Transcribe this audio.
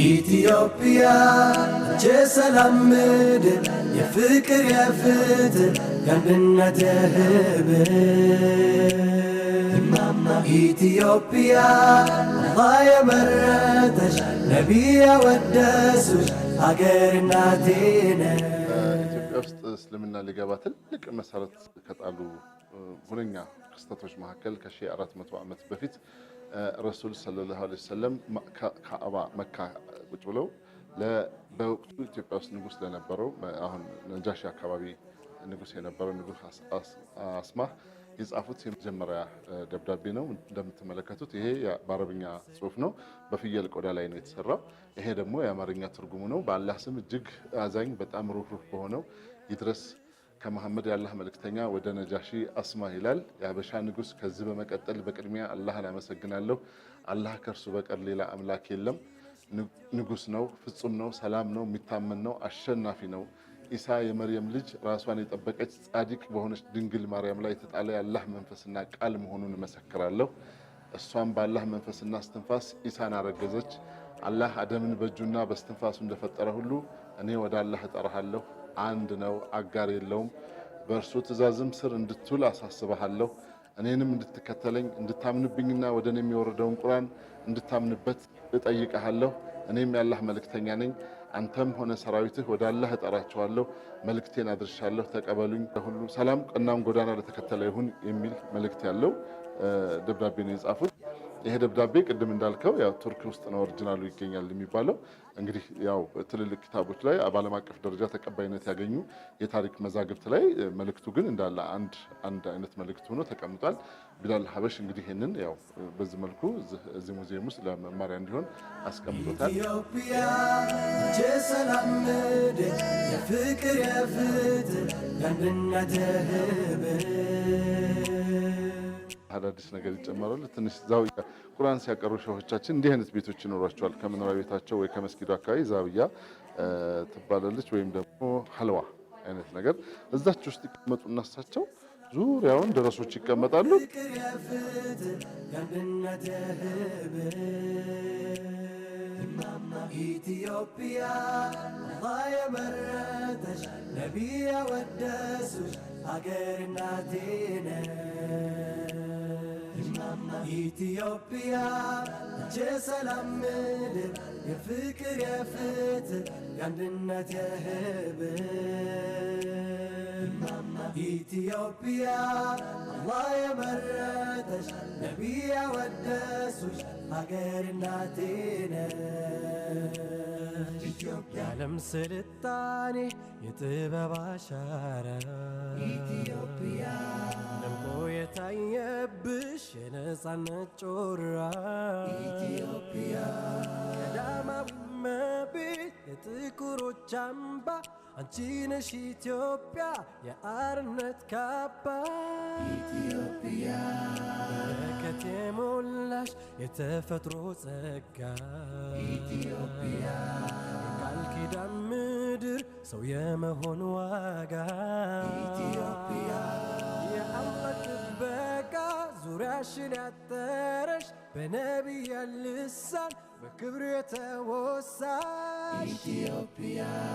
ኢትዮጵያ የሰላም ምድር የፍቅር የፍትህ የአንድነት ህብር ኢትዮጵያ አላህ የመረጠሽ ነቢይ ያወደሱሽ አገር ኢትዮጵያ ውስጥ እስልምና ሊገባ ትልቅ መሰረት ከጣሉ ሁነኛ ክስተቶች መካከል ከ400 ዓመት በፊት ረሱል ሰለላሁ ዐለይሂ ወሰለም ካዕባ መካ ቁጭ ብለው በወቅቱ ኢትዮጵያ ውስጥ ንጉስ ለነበረው አሁን ነጃሺ አካባቢ ንጉስ የነበረው ንጉስ አስማህ የጻፉት የመጀመሪያ ደብዳቤ ነው። እንደምትመለከቱት ይሄ በአረብኛ ጽሁፍ ነው። በፍየል ቆዳ ላይ ነው የተሰራው። ይሄ ደግሞ የአማርኛ ትርጉሙ ነው። በአላህ ስም እጅግ አዛኝ፣ በጣም ሩህሩህ በሆነው ይድረስ ከመሐመድ የአላህ መልእክተኛ ወደ ነጃሺ አስማ ይላል የሀበሻ ንጉስ ከዚህ በመቀጠል በቅድሚያ አላህን አመሰግናለሁ። አላህ ከእርሱ በቀር ሌላ አምላክ የለም። ንጉስ ነው፣ ፍጹም ነው፣ ሰላም ነው፣ የሚታመን ነው፣ አሸናፊ ነው። ኢሳ የመርየም ልጅ ራሷን የጠበቀች ጻዲቅ በሆነች ድንግል ማርያም ላይ የተጣለ የአላህ መንፈስና ቃል መሆኑን እመሰክራለሁ። እሷም በአላህ መንፈስና እስትንፋስ ኢሳን አረገዘች። አላህ አደምን በእጁና በስትንፋሱ እንደፈጠረ ሁሉ እኔ ወደ አላህ እጠራሃለሁ አንድ ነው፣ አጋር የለውም። በእርሱ ትእዛዝም ስር እንድትውል አሳስበሃለሁ። እኔንም እንድትከተለኝ እንድታምንብኝና ወደ እኔ የሚወርደውን ቁርአን እንድታምንበት እጠይቀሃለሁ። እኔም ያላህ መልእክተኛ ነኝ። አንተም ሆነ ሰራዊትህ ወደ አላህ እጠራችኋለሁ። መልእክቴን አድርሻለሁ፣ ተቀበሉኝ። ለሁሉ ሰላም ቀናም ጎዳና ለተከተለ ይሁን የሚል መልእክት ያለው ደብዳቤ ነው የጻፉት። ይሄ ደብዳቤ ቅድም እንዳልከው ያው ቱርክ ውስጥ ነው ኦሪጂናሉ ይገኛል የሚባለው። እንግዲህ ያው ትልልቅ ኪታቦች ላይ በዓለም አቀፍ ደረጃ ተቀባይነት ያገኙ የታሪክ መዛግብት ላይ መልእክቱ ግን እንዳለ አንድ አንድ አይነት መልእክት ሆኖ ተቀምጧል። ቢላል ሀበሽ እንግዲህ ይህንን ያው በዚህ መልኩ እዚህ ሙዚየም ውስጥ ለመማሪያ እንዲሆን አስቀምጦታል። የፍትህ፣ ህብር አዳዲስ ነገር ይጨመራሉ። ትንሽ ዛውያ ቁርአን ሲያቀርቡ ሸሆቻችን እንዲህ አይነት ቤቶች ይኖሯቸዋል። ከመኖሪያ ቤታቸው ወይ ከመስጊዱ አካባቢ ዛውያ ትባላለች፣ ወይም ደግሞ ሀልዋ አይነት ነገር እዛች ውስጥ ይቀመጡ እናሳቸው ዙሪያውን ደረሶች ይቀመጣሉ። ኢትዮጵያ እናቴ ኢትዮጵያ እጀ ሰላም ምድር የፍቅር የፍትህ የአንድነት የህብር ኢትዮጵያ አላህ የመረጠሽ ነቢይ ያወደሱሽ ሀገር እናቴ የዓለም ስልጣኔ የጥበብ አሻራ ኢትዮጵያ ታየብሽ የነፃነት ጮራ ኢትዮጵያ ቀዳማዊ እመቤት የጥቁሮች አምባ አንቺ ነሽ ኢትዮጵያ የአርነት ካባ ኢትዮጵያ በረከት የሞላሽ የተፈጥሮ ጸጋ ኢትዮጵያ ኪዳን ምድር ሰው የመሆን ዋጋ ኢትዮጵያ ጥበቃ ዙሪያሽን ያጠረሽ በነቢያት ልሳን በክብሩ የተወሳሽ ኢትዮጵያ